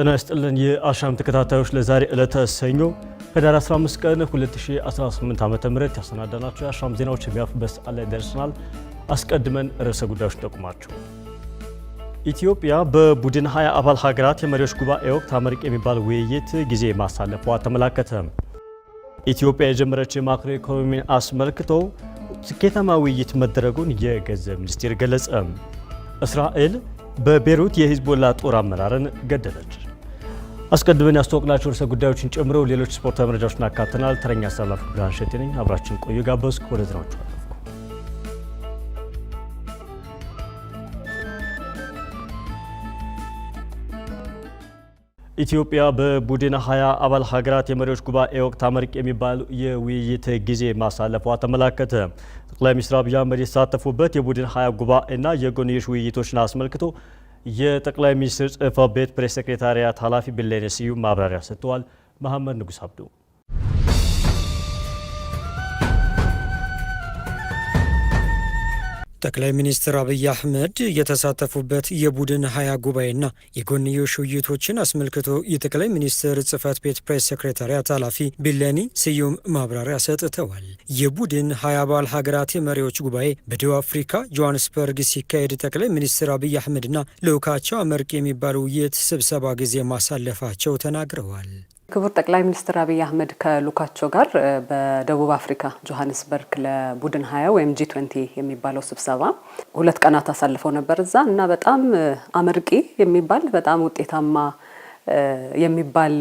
ጤና ይስጥልን የአሻም ተከታታዮች ለዛሬ ዕለተ ሰኞ ህዳር 15 ቀን 2018 ም ያሰናዳናቸው የአሻም ዜናዎች የሚያልፉበት ሰዓት ላይ ደርሰናል። አስቀድመን ርዕሰ ጉዳዮች ጠቁማቸው ኢትዮጵያ በቡድን 20 አባል ሀገራት የመሪዎች ጉባኤ ወቅት አመርቂ የሚባል ውይይት ጊዜ ማሳለፏ ተመላከተ። ኢትዮጵያ የጀመረች የማክሮ ኢኮኖሚን አስመልክቶ ስኬታማ ውይይት መደረጉን የገንዘብ ሚኒስቴር ገለጸ። እስራኤል በቤሩት የሂዝቦላ ጦር አመራርን ገደለች። አስቀድመን ያስተዋወቅናቸው ርዕሰ ጉዳዮችን ጨምሮ ሌሎች ስፖርታዊ መረጃዎችን አካተናል። ተረኛ አስተላላፊ ብርሃን ሸቴ ነኝ። አብራችን ቆዩ ጋበዝኩ። ወደ ዜናዎቹ ኢትዮጵያ በቡድን ሀያ አባል ሀገራት የመሪዎች ጉባኤ ወቅት አመርቅ የሚባል የውይይት ጊዜ ማሳለፏ ተመላከተ። ጠቅላይ ሚኒስትር አብይ አህመድ የተሳተፉበት የቡድን ሀያ ጉባኤና የጎንዮሽ ውይይቶችን አስመልክቶ የጠቅላይ ሚኒስትር ጽህፈት ቤት ፕሬስ ሴክሬታሪያት ኃላፊ ቢለኔ ስዩም ማብራሪያ ሰጥተዋል። መሐመድ ንጉስ አብዱ ጠቅላይ ሚኒስትር አብይ አህመድ የተሳተፉበት የቡድን ሀያ ጉባኤና የጎንዮሽ ውይይቶችን አስመልክቶ የጠቅላይ ሚኒስትር ጽህፈት ቤት ፕሬስ ሴክሬታሪያት ኃላፊ ቢለኒ ስዩም ማብራሪያ ሰጥተዋል። የቡድን ሀያ አባል ሀገራት የመሪዎች ጉባኤ በደቡብ አፍሪካ ጆሃንስበርግ ሲካሄድ ጠቅላይ ሚኒስትር አብይ አህመድና ልዑካቸው አመርቂ የሚባል ውይይት ስብሰባ ጊዜ ማሳለፋቸው ተናግረዋል። ክቡር ጠቅላይ ሚኒስትር አብይ አህመድ ከሉካቸው ጋር በደቡብ አፍሪካ ጆሀንስበርግ ለቡድን ሀያ ወይም ጂ ትዌንቲ የሚባለው ስብሰባ ሁለት ቀናት አሳልፈው ነበር እዛ እና በጣም አመርቂ የሚባል በጣም ውጤታማ የሚባል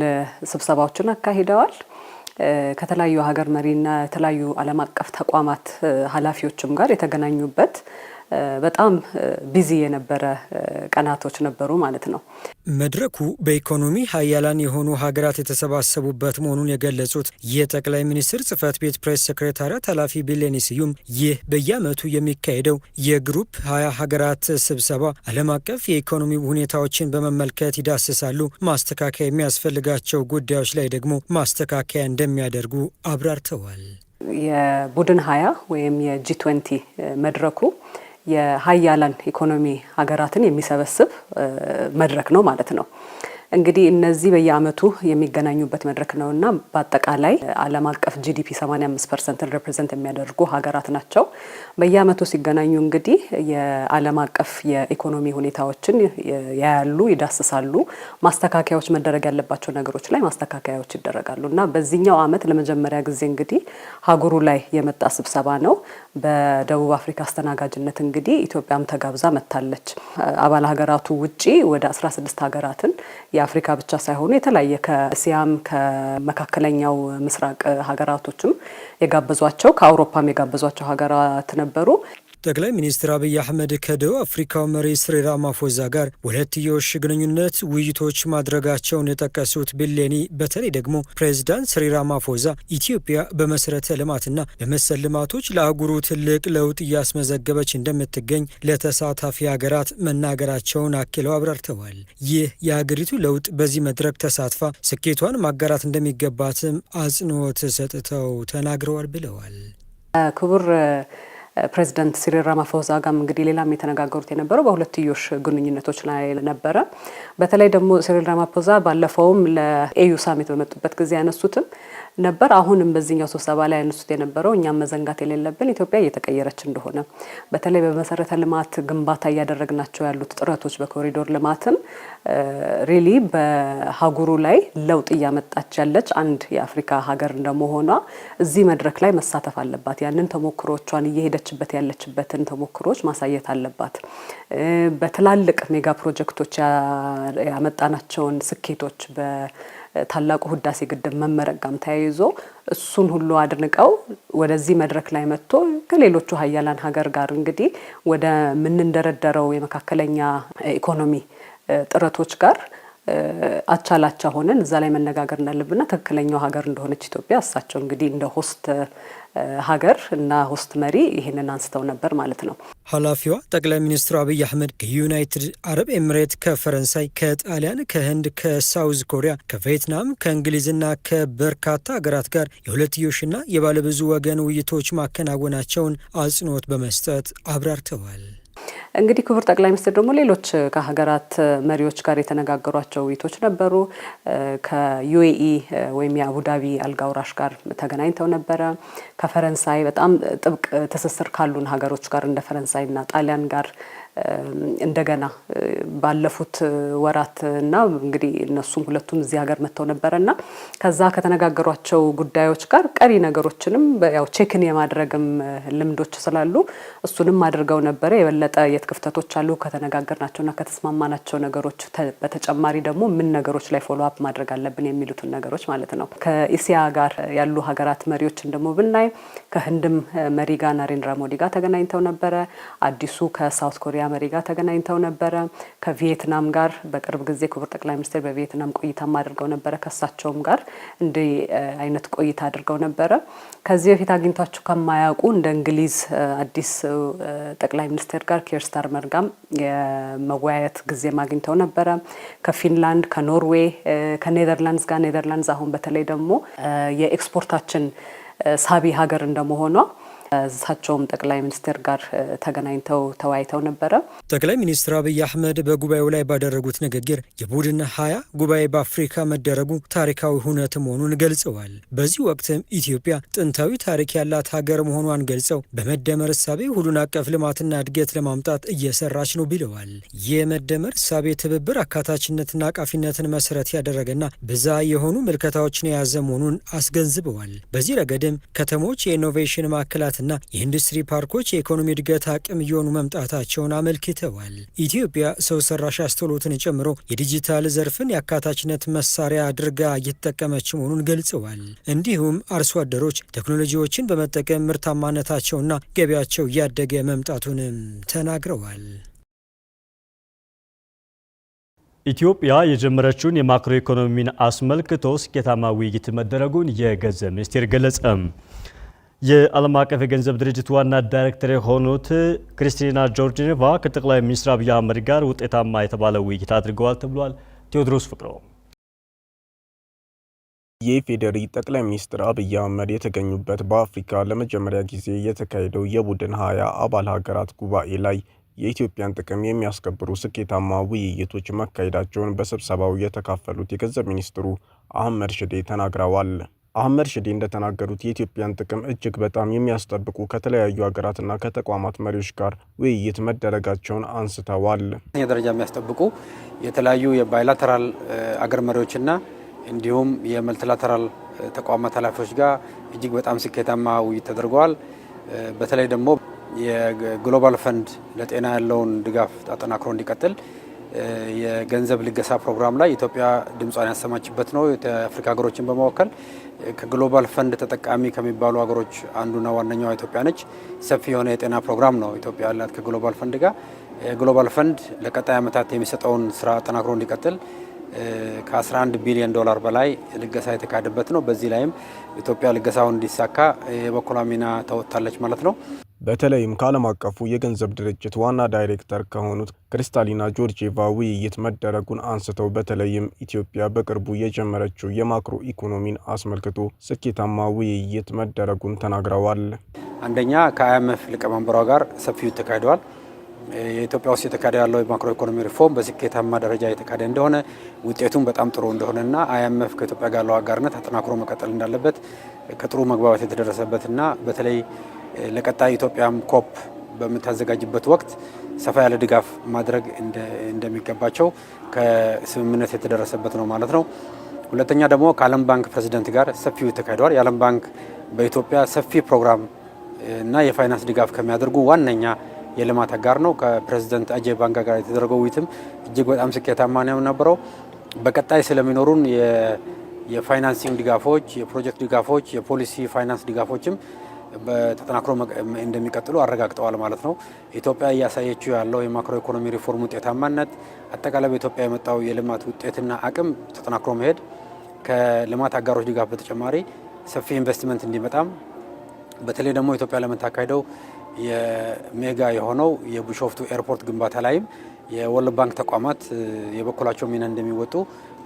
ስብሰባዎችን አካሂደዋል። ከተለያዩ ሀገር መሪና የተለያዩ ዓለም አቀፍ ተቋማት ኃላፊዎችም ጋር የተገናኙበት በጣም ቢዚ የነበረ ቀናቶች ነበሩ ማለት ነው። መድረኩ በኢኮኖሚ ሀያላን የሆኑ ሀገራት የተሰባሰቡበት መሆኑን የገለጹት የጠቅላይ ሚኒስትር ጽህፈት ቤት ፕሬስ ሴክሬታሪያት ኃላፊ ቢሌኒ ስዩም ይህ በየአመቱ የሚካሄደው የግሩፕ ሀያ ሀገራት ስብሰባ ዓለም አቀፍ የኢኮኖሚ ሁኔታዎችን በመመልከት ይዳስሳሉ። ማስተካከያ የሚያስፈልጋቸው ጉዳዮች ላይ ደግሞ ማስተካከያ እንደሚያደርጉ አብራርተዋል። የቡድን ሀያ ወይም የጂ20 መድረኩ የሀያላን ኢኮኖሚ ሀገራትን የሚሰበስብ መድረክ ነው ማለት ነው። እንግዲህ እነዚህ በየአመቱ የሚገናኙበት መድረክ ነው እና በአጠቃላይ ዓለም አቀፍ ጂዲፒ 85 ፐርሰንትን ሪፕሬዘንት የሚያደርጉ ሀገራት ናቸው። በየአመቱ ሲገናኙ እንግዲህ የዓለም አቀፍ የኢኮኖሚ ሁኔታዎችን ያያሉ፣ ይዳስሳሉ። ማስተካከያዎች መደረግ ያለባቸው ነገሮች ላይ ማስተካከያዎች ይደረጋሉ እና በዚህኛው አመት ለመጀመሪያ ጊዜ እንግዲህ ሀገሩ ላይ የመጣ ስብሰባ ነው። በደቡብ አፍሪካ አስተናጋጅነት እንግዲህ ኢትዮጵያም ተጋብዛ መጥታለች። አባል ሀገራቱ ውጪ ወደ 16 ሀገራትን የአፍሪካ ብቻ ሳይሆኑ የተለያየ ከእስያም ከመካከለኛው ምስራቅ ሀገራቶችም የጋበዟቸው ከአውሮፓም የጋበዟቸው ሀገራት ነበሩ። ጠቅላይ ሚኒስትር አብይ አህመድ ከደቡብ አፍሪካው መሪ ሲሪል ራማፎዛ ጋር ሁለትዮሽ ግንኙነት ውይይቶች ማድረጋቸውን የጠቀሱት ቢሌኒ በተለይ ደግሞ ፕሬዚዳንት ሲሪል ራማፎዛ ኢትዮጵያ በመሰረተ ልማትና በመሰል ልማቶች ለአህጉሩ ትልቅ ለውጥ እያስመዘገበች እንደምትገኝ ለተሳታፊ ሀገራት መናገራቸውን አክለው አብራርተዋል። ይህ የሀገሪቱ ለውጥ በዚህ መድረክ ተሳትፋ ስኬቷን ማጋራት እንደሚገባትም አጽንኦት ሰጥተው ተናግረዋል ብለዋል። ክቡር ፕሬዚደንት ሲሪል ራማፎዛ ጋም እንግዲህ ሌላም የተነጋገሩት የነበረው በሁለትዮሽ ግንኙነቶች ላይ ነበረ። በተለይ ደግሞ ሲሪል ራማፎዛ ባለፈውም ለኤዩ ሳሚት በመጡበት ጊዜ ያነሱትም ነበር። አሁንም በዚህኛው ስብሰባ ላይ ያነሱት የነበረው እኛም መዘንጋት የሌለብን ኢትዮጵያ እየተቀየረች እንደሆነ በተለይ በመሰረተ ልማት ግንባታ እያደረግናቸው ያሉት ጥረቶች በኮሪዶር ልማትም ሪሊ በሀጉሩ ላይ ለውጥ እያመጣች ያለች አንድ የአፍሪካ ሀገር እንደመሆኗ እዚህ መድረክ ላይ መሳተፍ አለባት። ያንን ተሞክሮቿን እየሄደችበት ያለችበትን ተሞክሮች ማሳየት አለባት። በትላልቅ ሜጋ ፕሮጀክቶች ያመጣናቸውን ስኬቶች ታላቁ ህዳሴ ግድብ መመረቅ ጋም ተያይዞ እሱን ሁሉ አድንቀው ወደዚህ መድረክ ላይ መጥቶ ከሌሎቹ ሀያላን ሀገር ጋር እንግዲህ ወደ ምንደረደረው የመካከለኛ ኢኮኖሚ ጥረቶች ጋር አቻላቻ ሆነን እዛ ላይ መነጋገር እንዳለብና ትክክለኛው ሀገር እንደሆነች ኢትዮጵያ እሳቸው እንግዲህ እንደ ሆስት ሀገር እና ሆስት መሪ ይህንን አንስተው ነበር ማለት ነው። ኃላፊዋ ጠቅላይ ሚኒስትር አብይ አህመድ ከዩናይትድ አረብ ኤምሬት፣ ከፈረንሳይ፣ ከጣሊያን፣ ከህንድ፣ ከሳውዝ ኮሪያ፣ ከቪየትናም፣ ከእንግሊዝና ከበርካታ ሀገራት ጋር የሁለትዮሽና የባለብዙ ወገን ውይይቶች ማከናወናቸውን አጽንኦት በመስጠት አብራርተዋል። እንግዲህ ክቡር ጠቅላይ ሚኒስትር ደግሞ ሌሎች ከሀገራት መሪዎች ጋር የተነጋገሯቸው ውይይቶች ነበሩ። ከዩኤኢ ወይም የአቡዳቢ አልጋውራሽ ጋር ተገናኝተው ነበረ። ከፈረንሳይ በጣም ጥብቅ ትስስር ካሉን ሀገሮች ጋር እንደ ፈረንሳይና ጣሊያን ጋር እንደገና ባለፉት ወራት እና እንግዲህ እነሱም ሁለቱም እዚህ ሀገር መጥተው ነበረ እና ከዛ ከተነጋገሯቸው ጉዳዮች ጋር ቀሪ ነገሮችንም ያው ቼክን የማድረግም ልምዶች ስላሉ እሱንም አድርገው ነበረ። የበለጠ የት ክፍተቶች አሉ ከተነጋገርናቸውና ከተስማማናቸው ነገሮች በተጨማሪ ደግሞ ምን ነገሮች ላይ ፎሎ አፕ ማድረግ አለብን የሚሉትን ነገሮች ማለት ነው። ከኢሲያ ጋር ያሉ ሀገራት መሪዎችን ደግሞ ብናይ ከህንድም መሪ ጋር ናሬንድራ ሞዲ ጋር ተገናኝተው ነበረ። አዲሱ ከሳውት ኮሪያ ሻዕቢያ መሪ ጋር ተገናኝተው ነበረ። ከቪየትናም ጋር በቅርብ ጊዜ ክቡር ጠቅላይ ሚኒስትር በቪየትናም ቆይታም አድርገው ነበረ። ከሳቸውም ጋር እንዲህ አይነት ቆይታ አድርገው ነበረ። ከዚህ በፊት አግኝቷቸው ከማያውቁ እንደ እንግሊዝ አዲስ ጠቅላይ ሚኒስትር ጋር ኪር ስታርመር የመወያየት ጊዜ አግኝተው ነበረ። ከፊንላንድ፣ ከኖርዌይ፣ ከኔዘርላንድስ ጋር ኔዘርላንድስ አሁን በተለይ ደግሞ የኤክስፖርታችን ሳቢ ሀገር እንደመሆኗ እሳቸውም ጠቅላይ ሚኒስትር ጋር ተገናኝተው ተወያይተው ነበረ። ጠቅላይ ሚኒስትር አብይ አህመድ በጉባኤው ላይ ባደረጉት ንግግር የቡድን ሀያ ጉባኤ በአፍሪካ መደረጉ ታሪካዊ ሁነት መሆኑን ገልጸዋል። በዚህ ወቅትም ኢትዮጵያ ጥንታዊ ታሪክ ያላት ሀገር መሆኗን ገልጸው በመደመር እሳቤ ሁሉን አቀፍ ልማትና እድገት ለማምጣት እየሰራች ነው ብለዋል። የመደመር እሳቤ ትብብር አካታችነትና አቃፊነትን መሰረት ያደረገና ብዛ የሆኑ ምልከታዎችን የያዘ መሆኑን አስገንዝበዋል። በዚህ ረገድም ከተሞች የኢኖቬሽን ማዕከላት የልማትና የኢንዱስትሪ ፓርኮች የኢኮኖሚ እድገት አቅም እየሆኑ መምጣታቸውን አመልክተዋል። ኢትዮጵያ ሰው ሰራሽ አስተውሎትን ጨምሮ የዲጂታል ዘርፍን የአካታችነት መሳሪያ አድርጋ እየተጠቀመች መሆኑን ገልጸዋል። እንዲሁም አርሶ አደሮች ቴክኖሎጂዎችን በመጠቀም ምርታማነታቸውና ገቢያቸው እያደገ መምጣቱንም ተናግረዋል። ኢትዮጵያ የጀመረችውን የማክሮ ኢኮኖሚን አስመልክቶ ስኬታማ ውይይት መደረጉን የገንዘብ ሚኒስቴር ገለጸ። የዓለም አቀፍ የገንዘብ ድርጅት ዋና ዳይሬክተር የሆኑት ክሪስቲና ጆርጂኔቫ ከጠቅላይ ሚኒስትር አብይ አህመድ ጋር ውጤታማ የተባለ ውይይት አድርገዋል ተብሏል። ቴዎድሮስ ፍቅሮ። የኢፌዴሪ ጠቅላይ ሚኒስትር አብይ አህመድ የተገኙበት በአፍሪካ ለመጀመሪያ ጊዜ የተካሄደው የቡድን ሀያ አባል ሀገራት ጉባኤ ላይ የኢትዮጵያን ጥቅም የሚያስከብሩ ስኬታማ ውይይቶች መካሄዳቸውን በስብሰባው የተካፈሉት የገንዘብ ሚኒስትሩ አህመድ ሽዴ ተናግረዋል። አህመድ ሽዴ እንደተናገሩት የኢትዮጵያን ጥቅም እጅግ በጣም የሚያስጠብቁ ከተለያዩ ሀገራትና ከተቋማት መሪዎች ጋር ውይይት መደረጋቸውን አንስተዋል። ከፍተኛ ደረጃ የሚያስጠብቁ የተለያዩ የባይላተራል አገር መሪዎችና እንዲሁም የመልትላተራል ተቋማት ኃላፊዎች ጋር እጅግ በጣም ስኬታማ ውይይት ተደርገዋል። በተለይ ደግሞ የግሎባል ፈንድ ለጤና ያለውን ድጋፍ አጠናክሮ እንዲቀጥል የገንዘብ ልገሳ ፕሮግራም ላይ ኢትዮጵያ ድምጿን ያሰማችበት ነው። የአፍሪካ ሀገሮችን በመወከል ከግሎባል ፈንድ ተጠቃሚ ከሚባሉ ሀገሮች አንዱና ዋነኛዋ ኢትዮጵያ ነች። ሰፊ የሆነ የጤና ፕሮግራም ነው ኢትዮጵያ ያላት ከግሎባል ፈንድ ጋር። ግሎባል ፈንድ ለቀጣይ ዓመታት የሚሰጠውን ስራ አጠናክሮ እንዲቀጥል ከ11 ቢሊዮን ዶላር በላይ ልገሳ የተካሄደበት ነው። በዚህ ላይም ኢትዮጵያ ልገሳውን እንዲሳካ የበኩሏ ሚና ተወጥታለች ማለት ነው። በተለይም ከዓለም አቀፉ የገንዘብ ድርጅት ዋና ዳይሬክተር ከሆኑት ክሪስታሊና ጆርጄቫ ውይይት መደረጉን አንስተው በተለይም ኢትዮጵያ በቅርቡ የጀመረችው የማክሮ ኢኮኖሚን አስመልክቶ ስኬታማ ውይይት መደረጉን ተናግረዋል። አንደኛ ከአይኤምኤፍ ሊቀመንበሯ ጋር ሰፊው ተካሂደዋል። የኢትዮጵያ ውስጥ የተካሄደ ያለው የማክሮ ኢኮኖሚ ሪፎርም በስኬታማ ደረጃ የተካሄደ እንደሆነ ውጤቱም በጣም ጥሩ እንደሆነና አይኤምኤፍ ከኢትዮጵያ ጋር ያለው አጋርነት አጠናክሮ መቀጠል እንዳለበት ከጥሩ መግባባት የተደረሰበትና በተለይ ለቀጣይ ኢትዮጵያም ኮፕ በምታዘጋጅበት ወቅት ሰፋ ያለ ድጋፍ ማድረግ እንደሚገባቸው ከስምምነት የተደረሰበት ነው ማለት ነው። ሁለተኛ ደግሞ ከዓለም ባንክ ፕሬዚደንት ጋር ሰፊው ተካሂደዋል። የዓለም ባንክ በኢትዮጵያ ሰፊ ፕሮግራም እና የፋይናንስ ድጋፍ ከሚያደርጉ ዋነኛ የልማት አጋር ነው። ከፕሬዚደንት አጄ ባንጋ ጋር የተደረገው ውይይትም እጅግ በጣም ስኬታማ ነው የነበረው። በቀጣይ ስለሚኖሩን የፋይናንሲንግ ድጋፎች፣ የፕሮጀክት ድጋፎች፣ የፖሊሲ ፋይናንስ ድጋፎችም ተጠናክሮ እንደሚቀጥሉ አረጋግጠዋል ማለት ነው። ኢትዮጵያ እያሳየችው ያለው የማክሮ ኢኮኖሚ ሪፎርም ውጤታማነት፣ አጠቃላይ በኢትዮጵያ የመጣው የልማት ውጤትና አቅም ተጠናክሮ መሄድ ከልማት አጋሮች ድጋፍ በተጨማሪ ሰፊ ኢንቨስትመንት እንዲመጣም በተለይ ደግሞ ኢትዮጵያ ለምታካሄደው የሜጋ የሆነው የቢሾፍቱ ኤርፖርት ግንባታ ላይም የወርልድ ባንክ ተቋማት የበኩላቸው ሚና እንደሚወጡ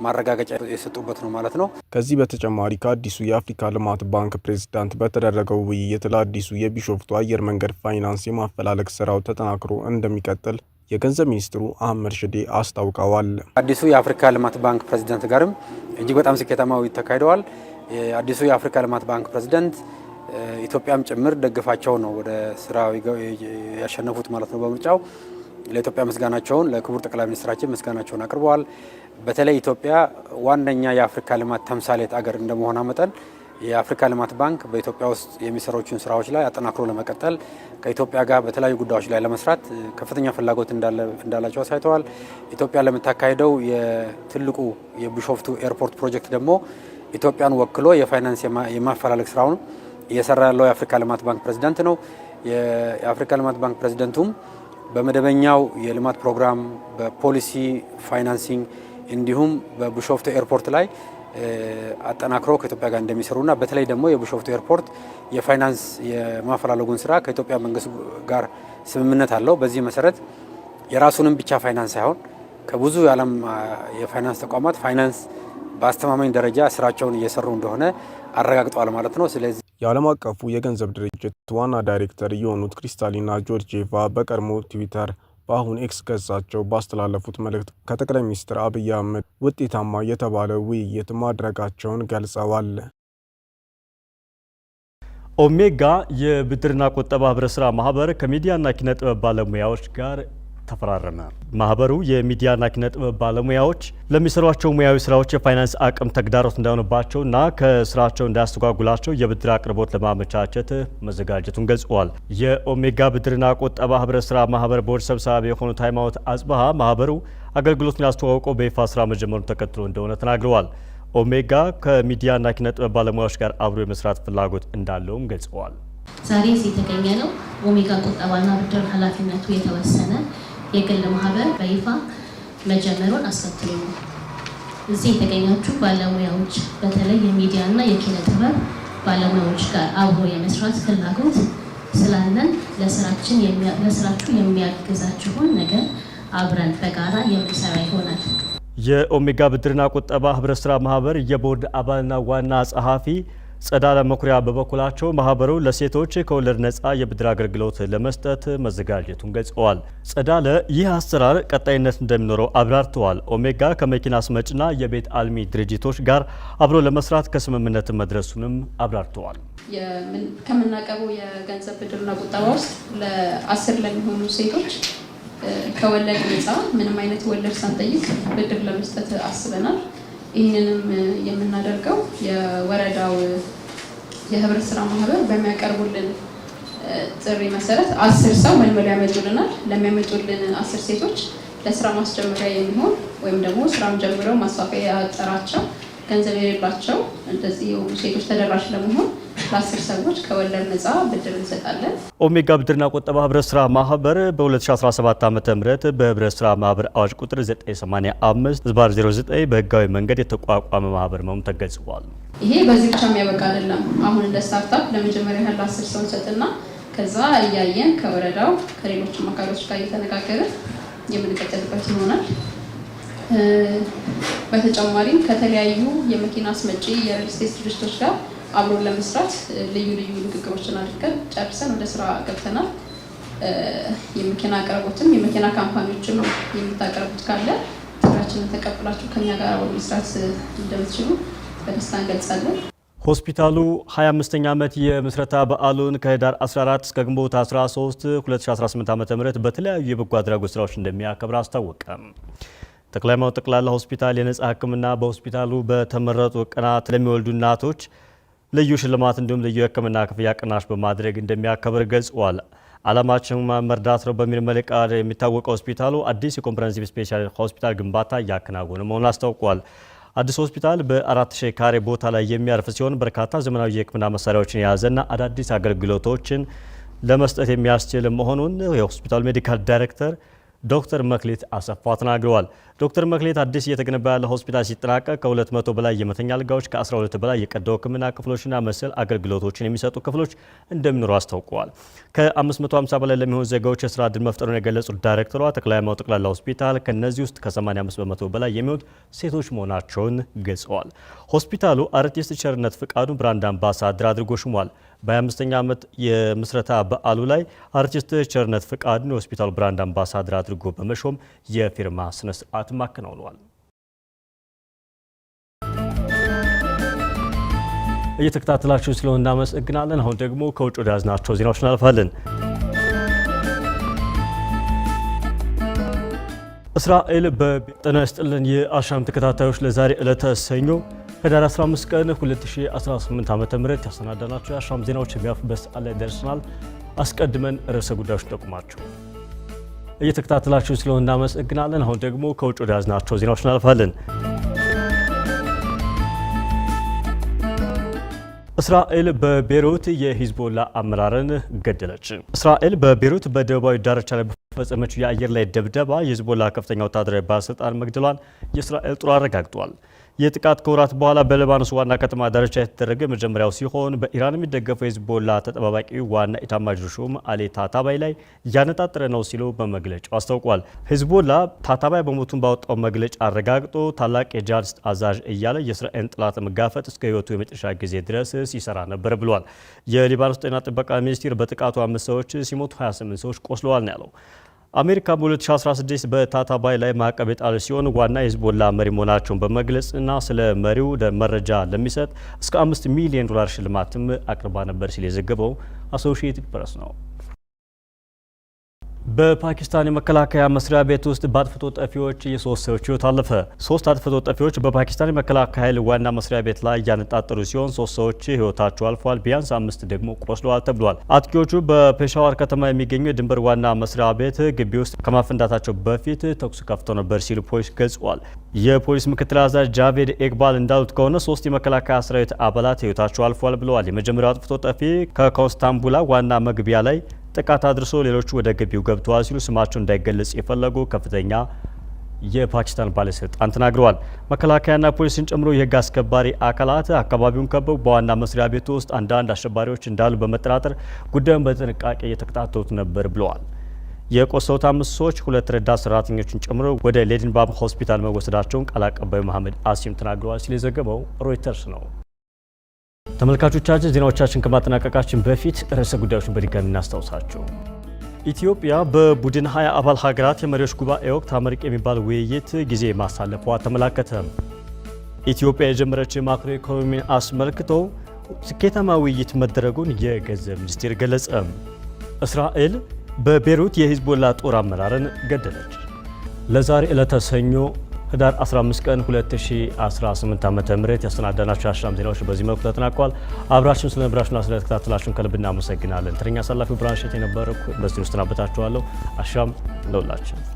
ማረጋገጫ የሰጡበት ነው ማለት ነው። ከዚህ በተጨማሪ ከአዲሱ የአፍሪካ ልማት ባንክ ፕሬዚዳንት በተደረገው ውይይት ለአዲሱ የቢሾፍቱ አየር መንገድ ፋይናንስ የማፈላለግ ስራው ተጠናክሮ እንደሚቀጥል የገንዘብ ሚኒስትሩ አህመድ ሽዴ አስታውቀዋል። አዲሱ የአፍሪካ ልማት ባንክ ፕሬዚዳንት ጋርም እጅግ በጣም ስኬታማ ውይይት ተካሂደዋል። አዲሱ የአፍሪካ ልማት ባንክ ፕሬዚዳንት ኢትዮጵያም ጭምር ደግፋቸው ነው ወደ ስራ ያሸነፉት ማለት ነው በምርጫው ለኢትዮጵያ ምስጋናቸውን ለክቡር ጠቅላይ ሚኒስትራችን ምስጋናቸውን አቅርበዋል። በተለይ ኢትዮጵያ ዋነኛ የአፍሪካ ልማት ተምሳሌት አገር እንደመሆኗ መጠን የአፍሪካ ልማት ባንክ በኢትዮጵያ ውስጥ የሚሰራዎችን ስራዎች ላይ አጠናክሮ ለመቀጠል ከኢትዮጵያ ጋር በተለያዩ ጉዳዮች ላይ ለመስራት ከፍተኛ ፍላጎት እንዳላቸው አሳይተዋል። ኢትዮጵያ ለምታካሄደው የትልቁ የቢሾፍቱ ኤርፖርት ፕሮጀክት ደግሞ ኢትዮጵያን ወክሎ የፋይናንስ የማፈላለግ ስራውን እየሰራ ያለው የአፍሪካ ልማት ባንክ ፕሬዚዳንት ነው። የአፍሪካ ልማት ባንክ ፕሬዚደንቱም በመደበኛው የልማት ፕሮግራም፣ በፖሊሲ ፋይናንሲንግ እንዲሁም በቢሾፍቱ ኤርፖርት ላይ አጠናክሮ ከኢትዮጵያ ጋር እንደሚሰሩና በተለይ ደግሞ የቢሾፍቱ ኤርፖርት የፋይናንስ የማፈላለጉን ስራ ከኢትዮጵያ መንግስት ጋር ስምምነት አለው። በዚህ መሰረት የራሱንም ብቻ ፋይናንስ ሳይሆን ከብዙ የዓለም የፋይናንስ ተቋማት ፋይናንስ በአስተማማኝ ደረጃ ስራቸውን እየሰሩ እንደሆነ አረጋግጠዋል ማለት ነው። ስለዚህ የዓለም አቀፉ የገንዘብ ድርጅት ዋና ዳይሬክተር የሆኑት ክሪስታሊና ጆርጂቫ በቀድሞ ትዊተር በአሁን ኤክስ ገጻቸው ባስተላለፉት መልእክት ከጠቅላይ ሚኒስትር አብይ አህመድ ውጤታማ የተባለ ውይይት ማድረጋቸውን ገልጸዋል። ኦሜጋ የብድርና ቁጠባ ህብረት ስራ ማህበር ከሚዲያና ኪነ ጥበብ ባለሙያዎች ጋር ተፈራረመ። ማህበሩ የሚዲያና ኪነ ጥበብ ባለሙያዎች ለሚሰሯቸው ሙያዊ ስራዎች የፋይናንስ አቅም ተግዳሮት እንዳይሆንባቸውና ከስራቸው እንዳያስተጓጉላቸው የብድር አቅርቦት ለማመቻቸት መዘጋጀቱን ገልጸዋል። የኦሜጋ ብድርና ቁጠባ ህብረት ስራ ማህበር ቦርድ ሰብሳቢ የሆኑት ሃይማኖት አጽበሃ ማህበሩ አገልግሎቱን ያስተዋውቀው በይፋ ስራ መጀመሩን ተከትሎ እንደሆነ ተናግረዋል። ኦሜጋ ከሚዲያና ኪነ ጥበብ ባለሙያዎች ጋር አብሮ የመስራት ፍላጎት እንዳለውም ገልጸዋል። ዛሬ የተገኘ ነው ኦሜጋ ቁጠባና ብድር ኃላፊነቱ የተወሰነ የግል ማህበር በይፋ መጀመሩን አስከትሎ ነው። እዚህ የተገኛችሁ ባለሙያዎች በተለይ የሚዲያ እና የኪነ ጥበብ ባለሙያዎች ጋር አብሮ የመስራት ፍላጎት ስላለን ለስራችሁ የሚያግዛችሁን ነገር አብረን በጋራ የምንሰራ ይሆናል። የኦሜጋ ብድርና ቁጠባ ህብረት ስራ ማህበር የቦርድ አባልና ዋና ጸሐፊ ጸዳለ መኩሪያ በበኩላቸው ማህበሩ ለሴቶች ከወለድ ነፃ የብድር አገልግሎት ለመስጠት መዘጋጀቱን ገልጸዋል። ጸዳለ ይህ አሰራር ቀጣይነት እንደሚኖረው አብራርተዋል። ኦሜጋ ከመኪና አስመጭና የቤት አልሚ ድርጅቶች ጋር አብሮ ለመስራት ከስምምነት መድረሱንም አብራርተዋል። ከምናቀበው የገንዘብ ብድርና ቁጠባ ውስጥ ለአስር ለሚሆኑ ሴቶች ከወለድ ነጻ ምንም አይነት ወለድ ሳንጠይቅ ብድር ለመስጠት አስበናል። ይህንንም የምናደርገው የወረዳው የህብረት ስራ ማህበር በሚያቀርቡልን ጥሪ መሰረት አስር ሰው መልመል ያመጡልናል። ለሚያመጡልን አስር ሴቶች ለስራ ማስጀመሪያ የሚሆን ወይም ደግሞ ስራም ጀምረው ማስፋፊያ ያጠራቸው ገንዘብ የሌላቸው እንደዚህ ሴቶች ተደራሽ ለመሆን ለአስር ሰዎች ከወለድ ነፃ ብድር እንሰጣለን። ኦሜጋ ብድርና ቁጠባ ህብረት ስራ ማህበር በ2017 ዓ ም በህብረት ስራ ማህበር አዋጅ ቁጥር 985 ዝባር 09 በህጋዊ መንገድ የተቋቋመ ማህበር መሆኑ ተገልጿል። ይሄ በዚህ ብቻ የሚያበቃ አይደለም። አሁን እንደ ስታርታፕ ለመጀመሪያ ያህል አስር ሰው እንሰጥና ከዛ እያየን ከወረዳው ከሌሎችም አካሎች ጋር እየተነጋገረ የምንቀጥልበት ይሆናል። በተጨማሪም ከተለያዩ የመኪና አስመጪ የሪልስቴት ድርጅቶች ጋር አብሮን ለመስራት ልዩ ልዩ ንግግሮችን አድርገን ጨርሰን ወደ ስራ ገብተናል። የመኪና አቅርቦትም የመኪና ካምፓኒዎችም የምታቀርቡት ካለ ጥሪያችንን ተቀብላችሁ ከኛ ጋር አብሮ መስራት እንደምትችሉ በደስታ እንገልጻለን። ሆስፒታሉ 25ኛ ዓመት የምስረታ በዓሉን ከህዳር 14 እስከ ግንቦት 13 2018 ዓ ም በተለያዩ የበጎ አድራጎት ስራዎች እንደሚያከብር አስታወቀ። ጠቅላይ ማው ጠቅላላ ሆስፒታል የነጻ ሕክምና በሆስፒታሉ በተመረጡ ቀናት ለሚወልዱ እናቶች ልዩ ሽልማት እንዲሁም ልዩ የሕክምና ክፍያ ቅናሽ በማድረግ እንደሚያከብር ገልጿል። ዓላማችን መርዳት ነው በሚል መሪ ቃል የሚታወቀው ሆስፒታሉ አዲስ የኮምፕረሄንሲቭ ስፔሻል ሆስፒታል ግንባታ እያከናወነ መሆኑን አስታውቋል። አዲስ ሆስፒታል በአራት ሺህ ካሬ ቦታ ላይ የሚያርፍ ሲሆን በርካታ ዘመናዊ የሕክምና መሳሪያዎችን የያዘና አዳዲስ አገልግሎቶችን ለመስጠት የሚያስችል መሆኑን የሆስፒታሉ ሜዲካል ዳይሬክተር ዶክተር መክሊት አሰፋ ተናግረዋል። ዶክተር መክሌት አዲስ እየተገነባ ያለ ሆስፒታል ሲጠናቀቅ ከ200 በላይ የመተኛ አልጋዎች፣ ከ12 በላይ የቀዶ ሕክምና ክፍሎችና መሰል አገልግሎቶችን የሚሰጡ ክፍሎች እንደሚኖሩ አስታውቀዋል። ከ550 በላይ ለሚሆኑ ዜጋዎች የስራ እድል መፍጠሩን የገለጹት ዳይሬክተሯ ተክለ ሃይማኖት ጠቅላላ ሆስፒታል ከእነዚህ ውስጥ ከ85 በመቶ በላይ የሚሆኑት ሴቶች መሆናቸውን ገልጸዋል። ሆስፒታሉ አርቲስት ቸርነት ፍቃዱን ብራንድ አምባሳደር አድርጎ ሹሟል። በ25ኛ ዓመት የምስረታ በዓሉ ላይ አርቲስት ቸርነት ፍቃዱን የሆስፒታሉ ብራንድ አምባሳደር አድርጎ በመሾም የፊርማ ስነስርዓት ስርዓትም አከናውነዋል። እየተከታተላችሁ ስለሆነ እናመሰግናለን። አሁን ደግሞ ከውጭ ወደ ያዝናቸው ዜናዎች እናልፋለን። እስራኤል በጤና ይስጥልን የአሻም ተከታታዮች ለዛሬ ዕለተ ሰኞ ህዳር 15 ቀን 2018 ዓ ም ያሰናዳናቸው የአሻም ዜናዎች የሚያፍበት ሰዓት ላይ ደርሰናል። አስቀድመን ርዕሰ ጉዳዮች ጠቁማቸው እየተከታተላችሁ ስለሆነ እናመሰግናለን። አሁን ደግሞ ከውጭ ወደያዝናቸው ዜናዎች እናልፋለን። እስራኤል በቤሩት የሂዝቦላ አመራርን ገደለች። እስራኤል በቤሩት በደቡባዊ ዳርቻ ላይ በፈጸመችው የአየር ላይ ደብደባ የሂዝቦላ ከፍተኛ ወታደራዊ ባለስልጣን መግደሏን የእስራኤል ጦር አረጋግጧል። የጥቃት ከወራት በኋላ በሊባኖስ ዋና ከተማ ዳርቻ የተደረገ መጀመሪያው ሲሆን በኢራን የሚደገፈው የሂዝቦላ ተጠባባቂ ዋና ኢታማዦር ሹም አሊ ታታባይ ላይ እያነጣጠረ ነው ሲሉ በመግለጫው አስታውቋል። ሂዝቦላ ታታባይ በሞቱን ባወጣው መግለጫ አረጋግጦ ታላቅ የጃሃድ አዛዥ እያለ የእስራኤልን ጥላት መጋፈጥ እስከ ህይወቱ የመጨረሻ ጊዜ ድረስ ሲሰራ ነበር ብሏል። የሊባኖስ ጤና ጥበቃ ሚኒስቴር በጥቃቱ አምስት ሰዎች ሲሞቱ 28 ሰዎች ቆስለዋል ነው ያለው። አሜሪካ በ2016 በታታባይ ላይ ማዕቀብ የጣለ ሲሆን ዋና የሂዝቦላ መሪ መሆናቸውን በመግለጽና ስለ መሪው መረጃ ለሚሰጥ እስከ አምስት ሚሊዮን ዶላር ሽልማትም አቅርባ ነበር ሲል የዘገበው አሶሺየትድ ፕረስ ነው። በፓኪስታን የመከላከያ መስሪያ ቤት ውስጥ በአጥፍቶ ጠፊዎች የሶስት ሰዎች ህይወት አለፈ። ሶስት አጥፍቶ ጠፊዎች በፓኪስታን የመከላከያ ኃይል ዋና መስሪያ ቤት ላይ እያነጣጠሩ ሲሆን ሶስት ሰዎች ህይወታቸው አልፏል፣ ቢያንስ አምስት ደግሞ ቆስለዋል ተብሏል። አጥቂዎቹ በፔሻዋር ከተማ የሚገኙ የድንበር ዋና መስሪያ ቤት ግቢ ውስጥ ከማፈንዳታቸው በፊት ተኩስ ከፍተው ነበር ሲሉ ፖሊስ ገልጿል። የፖሊስ ምክትል አዛዥ ጃቬድ ኤግባል እንዳሉት ከሆነ ሶስት የመከላከያ ሰራዊት አባላት ህይወታቸው አልፏል ብለዋል። የመጀመሪያው አጥፍቶ ጠፊ ከኮንስታንቡላ ዋና መግቢያ ላይ ጥቃት አድርሶ ሌሎቹ ወደ ግቢው ገብተዋል ሲሉ ስማቸው እንዳይገለጽ የፈለጉ ከፍተኛ የፓኪስታን ባለስልጣን ተናግረዋል። መከላከያና ፖሊስን ጨምሮ የህግ አስከባሪ አካላት አካባቢውን ከበው በዋና መስሪያ ቤቱ ውስጥ አንዳንድ አሸባሪዎች እንዳሉ በመጠራጠር ጉዳዩን በጥንቃቄ እየተከታተሉት ነበር ብለዋል። የቆሰሉት አምስት ሰዎች ሁለት ረዳት ሰራተኞችን ጨምሮ ወደ ሌድንባም ሆስፒታል መወሰዳቸውን ቃል አቀባዩ መሐመድ አሲም ተናግረዋል ሲል የዘገበው ሮይተርስ ነው። ተመልካቾቻችን ዜናዎቻችን ከማጠናቀቃችን በፊት ርዕሰ ጉዳዮችን በድጋሚ እናስታውሳችሁ። ኢትዮጵያ በቡድን ሀያ አባል ሀገራት የመሪዎች ጉባኤ ወቅት አመርቂ የሚባል ውይይት ጊዜ ማሳለፏ ተመላከተ። ኢትዮጵያ የጀመረች የማክሮ ኢኮኖሚ አስመልክቶ ስኬታማ ውይይት መደረጉን የገንዘብ ሚኒስቴር ገለጸ። እስራኤል በቤሩት የሂዝቦላ ጦር አመራርን ገደለች። ለዛሬ ዕለተ ሰኞ ህዳር 15 ቀን 2018 ዓ.ም ያሰናዳናቸው የአሻም ዜናዎች በዚህ መልኩ ተጠናቋል። አብራችሁን ስለነበራችሁና ስለተከታተላችሁን ከልብ እናመሰግናለን። ተረኛ አሳላፊው ብርሃን እሸት የነበርኩ በስቱዲዮ ውስጥ ሰናበታችኋለሁ። አሻም ለሁላችን።